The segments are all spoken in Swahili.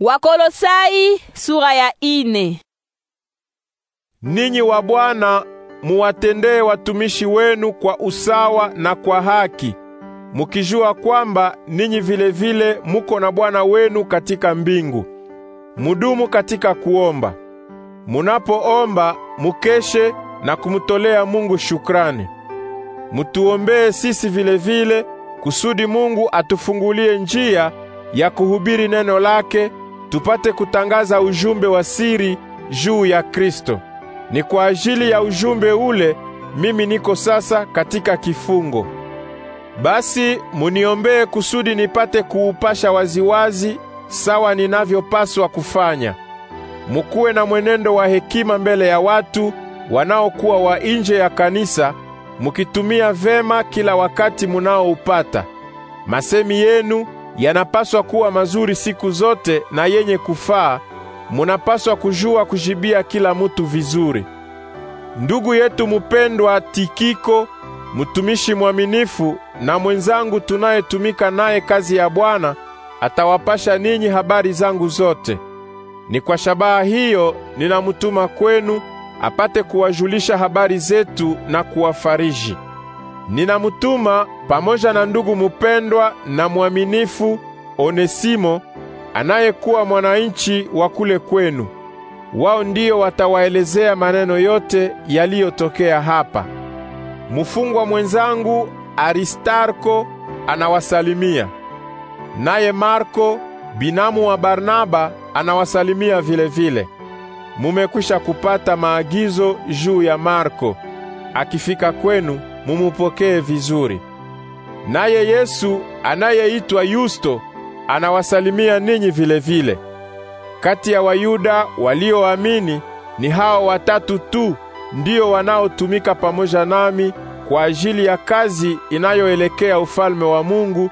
Wakolosai sura ya ine. Ninyi wa Bwana muwatendee watumishi wenu kwa usawa na kwa haki, mukijua kwamba ninyi vilevile muko na Bwana wenu katika mbingu. Mudumu katika kuomba, munapoomba mukeshe na kumtolea Mungu shukrani. Mutuombee sisi vilevile, kusudi Mungu atufungulie njia ya kuhubiri neno lake tupate kutangaza ujumbe wa siri juu ya Kristo. Ni kwa ajili ya ujumbe ule mimi niko sasa katika kifungo. Basi muniombee kusudi nipate kuupasha waziwazi sawa ninavyopaswa kufanya. Mukuwe na mwenendo wa hekima mbele ya watu wanaokuwa wa nje ya kanisa, mukitumia vema kila wakati munaoupata. Masemi yenu yanapaswa kuwa mazuri siku zote na yenye kufaa. Munapaswa kujua kujibia kila mutu vizuri. Ndugu yetu mupendwa Tikiko, mtumishi mwaminifu na mwenzangu tunayetumika naye kazi ya Bwana, atawapasha ninyi habari zangu zote. Ni kwa shabaha hiyo ninamutuma kwenu apate kuwajulisha habari zetu na kuwafariji ninamutuma pamoja na ndugu mupendwa na mwaminifu Onesimo anayekuwa mwananchi wa kule kwenu. Wao ndiyo watawaelezea maneno yote yaliyotokea hapa. Mfungwa mwenzangu Aristarko anawasalimia, naye Marko binamu wa Barnaba anawasalimia vile vile. Mumekwisha kupata maagizo juu ya Marko. Akifika kwenu mumupokee vizuri. Naye Yesu anayeitwa Yusto anawasalimia ninyi vilevile. Kati ya Wayuda walioamini ni hao watatu tu ndio wanaotumika pamoja nami kwa ajili ya kazi inayoelekea ufalme wa Mungu,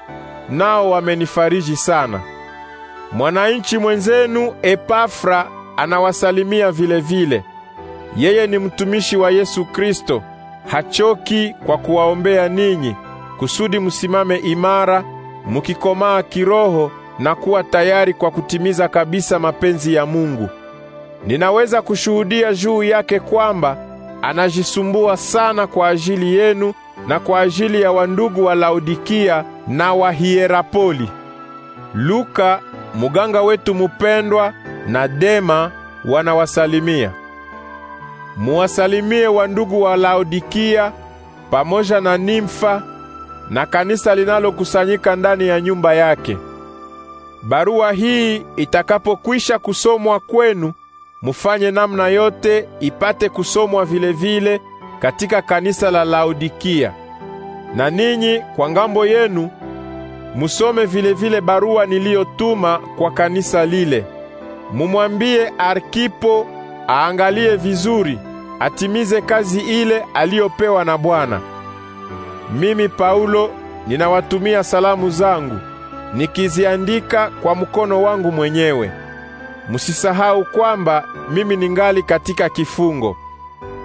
nao wamenifariji sana. Mwananchi mwenzenu Epafra anawasalimia vilevile vile. Yeye ni mtumishi wa Yesu Kristo hachoki kwa kuwaombea ninyi kusudi msimame imara mukikomaa kiroho na kuwa tayari kwa kutimiza kabisa mapenzi ya Mungu. Ninaweza kushuhudia juu yake kwamba anajisumbua sana kwa ajili yenu na kwa ajili ya wandugu wa Laodikia na wa Hierapoli. Luka muganga wetu mupendwa na Dema wanawasalimia. Muwasalimie wandugu wa Laodikia pamoja na Nimfa na kanisa linalokusanyika ndani ya nyumba yake. Barua hii itakapokwisha kusomwa kwenu, mufanye namna yote ipate kusomwa vilevile katika kanisa la Laodikia. Na ninyi kwa ngambo yenu musome vilevile vile barua niliyotuma kwa kanisa lile. Mumwambie Arkipo aangalie vizuri, atimize kazi ile aliyopewa na Bwana. Mimi Paulo ninawatumia salamu zangu nikiziandika kwa mkono wangu mwenyewe. Msisahau kwamba mimi ningali katika kifungo.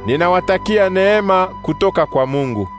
Ninawatakia neema kutoka kwa Mungu.